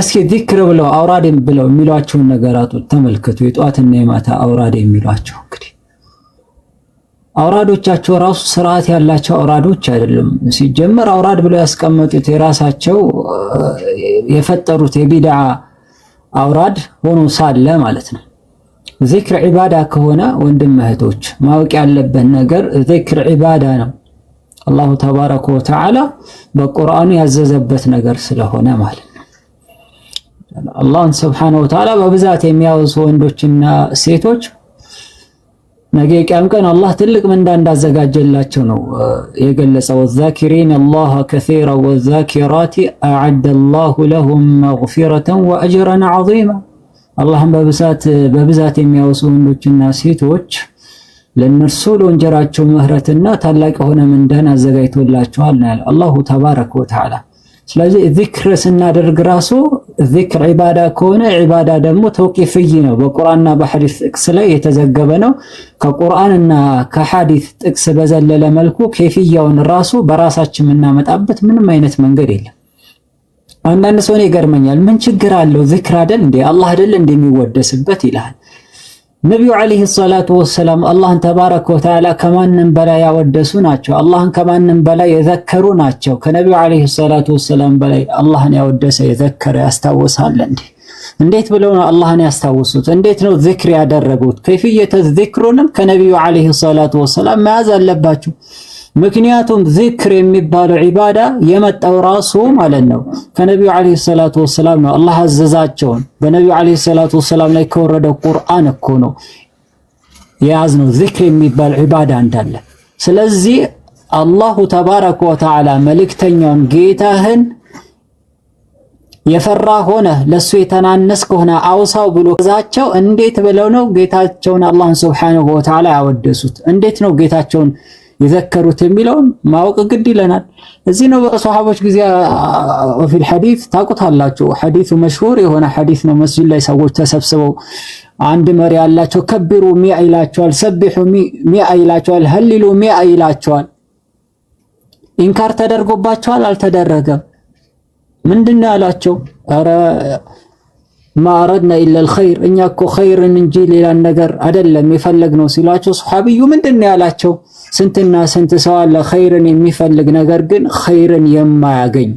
እስኪ ዚክር ብለው አውራድ ብለው የሚሏቸውን ነገራቶች ተመልከቱ። የጠዋትና የማታ አውራዴ የሚሏቸው እንግዲህ አውራዶቻቸው ራሱ ስርዓት ያላቸው አውራዶች አይደለም። ሲጀመር አውራድ ብለው ያስቀመጡት የራሳቸው የፈጠሩት የቢድዓ አውራድ ሆኖ ሳለ ማለት ነው። ዚክር ዒባዳ ከሆነ ወንድም እህቶች ማወቅ ያለበት ነገር ዚክር ዒባዳ ነው። አላሁ ተባረከ ወተዓላ በቁርአኑ ያዘዘበት ነገር ስለሆነ ማለት አላህን ስብሓነሁ ወተዓላ በብዛት የሚያወሱ ወንዶችና ሴቶች ነገ የቂያም ቀን አላህ ትልቅ ምንዳ እንዳዘጋጀላቸው ነው የገለጸ ወዛኪሪን አላህ ከሲራ ወዛኪራቲ አዓደ አላሁ ለሁም መግፊረተን ወአጅረን ዐዚማ። አላህን በብዛት የሚያወሱ ወንዶችና ሴቶች ለእነርሱ ለወንጀራቸው ምህረትና ታላቅ የሆነ ምንዳን አዘጋጅቶላቸዋል ነው ያለው አላሁ ተባረከ ወተዓላ። ስለዚህ ዚክር ስናደርግ ራሱ ዚክር ዒባዳ ከሆነ ዒባዳ ደግሞ ተውቂፍይ ነው። በቁርአንና በሐዲስ ጥቅስ ላይ የተዘገበ ነው። ከቁርአንና ከሐዲስ ጥቅስ በዘለለ መልኩ ኬፍያውን ራሱ በራሳችን የምናመጣበት ምንም አይነት መንገድ የለም። አንዳንድ ሰውን ይገርመኛል። ምን ችግር አለው? ዚክር አይደል እንዴ? አላህ አይደል እንደሚወደስበት ይላል። ነቢዩ ዓለይሂ ሰላቱ ወሰላም አላህን ተባረከ ወተዓላ ከማንም በላይ ያወደሱ ናቸው። አላህን ከማንም በላይ የዘከሩ ናቸው። ከነቢዩ ዓለይሂ ሰላቱ ወሰላም በላይ አላህን ያወደሰ የዘከረ ያስታውሳል እንዴ? እንዴት ብለው ነው አላህን ያስታውሱት? እንዴት ነው ዝክር ያደረጉት? ከይፍየተ ዝክሩንም ከነቢዩ ዓለይሂ ሰላቱ ወሰላም መያዝ አለባችሁ። ምክንያቱም ዚክር የሚባለው ዒባዳ የመጣው ራሱ ማለት ነው ከነቢዩ ዓለይሂ ሰላቱ ወሰላም ነው። አላህ አዘዛቸውን በነቢዩ ዓለይሂ ሰላቱ ወሰላም ላይ ከወረደው ቁርአን እኮ ነው የያዝነው ዚክር የሚባል ዒባዳ እንዳለ። ስለዚህ አላሁ ተባረከ ወተዓላ መልእክተኛውን ጌታህን የፈራ ሆነ ለሱ የተናነስ ከሆነ አውሳው ብሎ ዛቸው። እንዴት ብለው ነው ጌታቸውን አላህን ሱብሓነሁ ወተዓላ ያወደሱት? እንዴት ነው ጌታቸውን የዘከሩት የሚለውን ማወቅ ግድ ይለናል። እዚህ ነው በሰሃቦች ጊዜ ፊል ሐዲስ ታውቁታላችሁ። ሐዲሱ መሽሁር የሆነ ሐዲስ ነው። መስጂድ ላይ ሰዎች ተሰብስበው አንድ መሪ ያላቸው ከቢሩ ሚያ ይላቸዋል፣ ሰቢሑ ሚያ ይላቸዋል፣ ሀሊሉ ሚያ ይላቸዋል። ኢንካር ተደርጎባቸዋል፣ አልተደረገም። ምንድን ነው ያላቸው? ኧረ ማአረድና ኢለል ኸይር እኛ እኮ ኸይርን እንጂ ሌላን ነገር አይደለም የፈለግነው ሲሏቸው፣ ሱሐቢዩ ምንድን ነው ያላቸው? ስንትና ስንት ሰው አለ ኸይርን የሚፈልግ ነገር ግን ኸይርን የማያገኝ